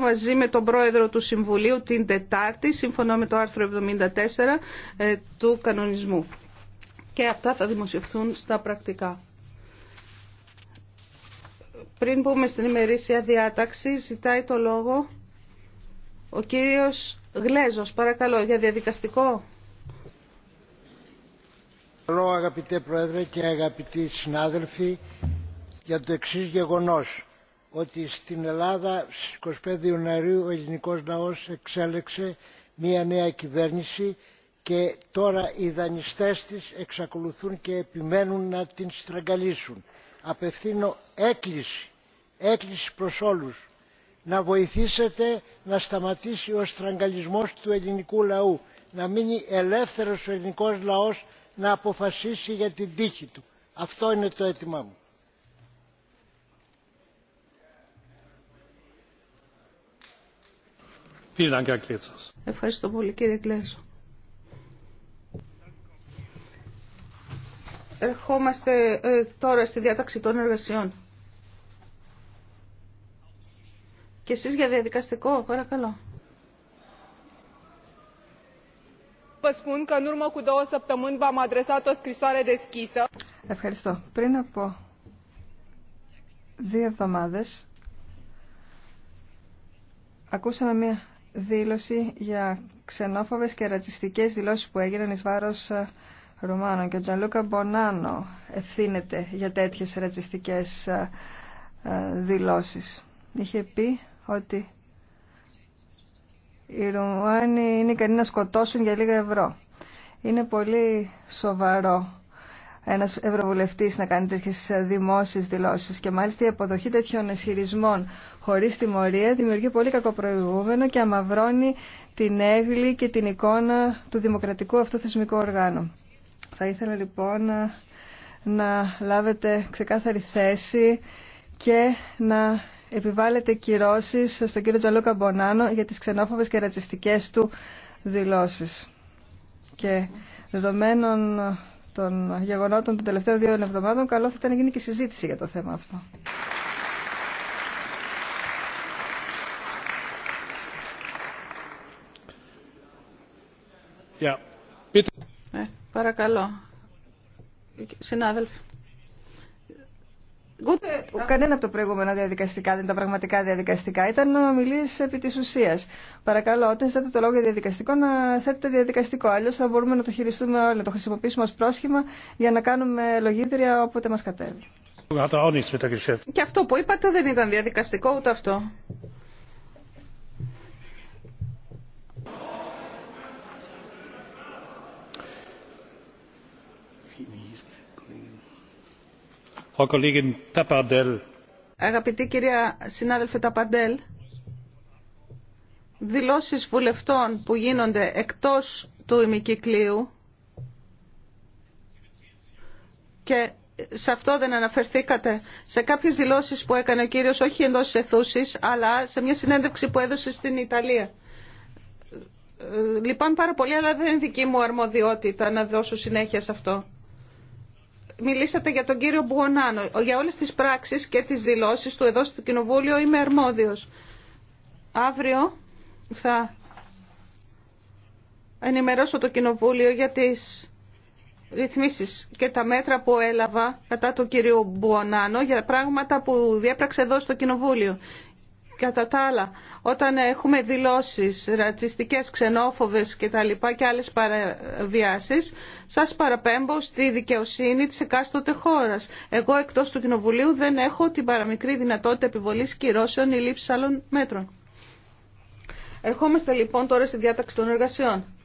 μαζί με τον πρόεδρο του Συμβουλίου την Τετάρτη, σύμφωνα με το άρθρο 74 ε, του κανονισμού. Και αυτά θα δημοσιευθούν στα πρακτικά. Πριν μπούμε στην ημερήσια διάταξη, ζητάει το λόγο ο κύριος Γλέζος, παρακαλώ, για διαδικαστικό. Καλό αγαπητέ Πρόεδρε και αγαπητοί συνάδελφοι για το εξής γεγονός ότι στην Ελλάδα στις 25 Ιανουαρίου ο ελληνικός λαός εξέλεξε μια νέα κυβέρνηση και τώρα οι δανειστές της εξακολουθούν και επιμένουν να την στραγγαλίσουν. Απευθύνω έκκληση, έκκληση προς όλους να βοηθήσετε να σταματήσει ο στραγγαλισμός του ελληνικού λαού, να μείνει ελεύθερος ο ελληνικός λαός να αποφασίσει για την τύχη του. Αυτό είναι το αίτημά μου. Ευχαριστώ πολύ κύριε Κλέσο. Ερχόμαστε ε, τώρα στη διάταξη των εργασιών. Και εσείς για διαδικαστικό, παρακαλώ. Ευχαριστώ. Πριν από δύο εβδομάδες ακούσαμε μια δήλωση για ξενόφοβες και ρατσιστικές δηλώσεις που έγιναν εις βάρος ε, Ρουμάνων και ο Τζανλούκα Μπονάνο ευθύνεται για τέτοιες ρατσιστικές ε, ε, δηλώσεις. Είχε πει ότι οι Ρουμάνοι είναι ικανοί να σκοτώσουν για λίγα ευρώ. Είναι πολύ σοβαρό ένας ευρωβουλευτής να κάνει τέτοιες δημόσιες δηλώσεις και μάλιστα η αποδοχή τέτοιων ισχυρισμών χωρίς τιμωρία δημιουργεί πολύ κακό προηγούμενο και αμαυρώνει την έγκλη και την εικόνα του δημοκρατικού αυτοθεσμικού οργάνου. Θα ήθελα λοιπόν να λάβετε ξεκάθαρη θέση και να επιβάλλετε κυρώσεις στον κύριο Τζαλούκα Μπονάνο για τις ξενόφοβες και ρατσιστικές του δηλώσεις. Και δεδομένων των γεγονότων των τελευταίων δύο εβδομάδων, καλό θα ήταν να γίνει και συζήτηση για το θέμα αυτό. Ε, παρακαλώ. Συνάδελφοι. Ούτε Κανένα από τα προηγούμενα διαδικαστικά δεν ήταν πραγματικά διαδικαστικά. Ήταν ομιλίε επί τη ουσία. Παρακαλώ, όταν ζητάτε το λόγο για διαδικαστικό, να θέτετε διαδικαστικό. Αλλιώ θα μπορούμε να το χειριστούμε όλοι, να το χρησιμοποιήσουμε ω πρόσχημα για να κάνουμε λογίδρια όποτε μα κατέβει. Και αυτό που είπατε δεν ήταν διαδικαστικό ούτε αυτό. Αγαπητή κυρία συνάδελφε Ταπαντέλ, δηλώσεις βουλευτών που γίνονται εκτός του ημικυκλίου και σε αυτό δεν αναφερθήκατε, σε κάποιες δηλώσεις που έκανε ο κύριος όχι εντός εθούσης, αλλά σε μια συνέντευξη που έδωσε στην Ιταλία. Ε, ε, Λυπάμαι λοιπόν, πάρα πολύ, αλλά δεν είναι δική μου αρμοδιότητα να δώσω συνέχεια σε αυτό μιλήσατε για τον κύριο Μπουονάνο. Για όλες τις πράξεις και τις δηλώσεις του εδώ στο Κοινοβούλιο είμαι αρμόδιος. Αύριο θα ενημερώσω το Κοινοβούλιο για τις ρυθμίσεις και τα μέτρα που έλαβα κατά τον κύριο Μπουονάνο για πράγματα που διέπραξε εδώ στο Κοινοβούλιο. Κατά τα άλλα, όταν έχουμε δηλώσεις ρατσιστικές, ξενόφοβες και τα λοιπά και άλλες παραβιάσεις, σας παραπέμπω στη δικαιοσύνη της εκάστοτε χώρας. Εγώ εκτός του Κοινοβουλίου δεν έχω την παραμικρή δυνατότητα επιβολής κυρώσεων ή λήψης άλλων μέτρων. Ερχόμαστε λοιπόν τώρα στη διάταξη των εργασιών.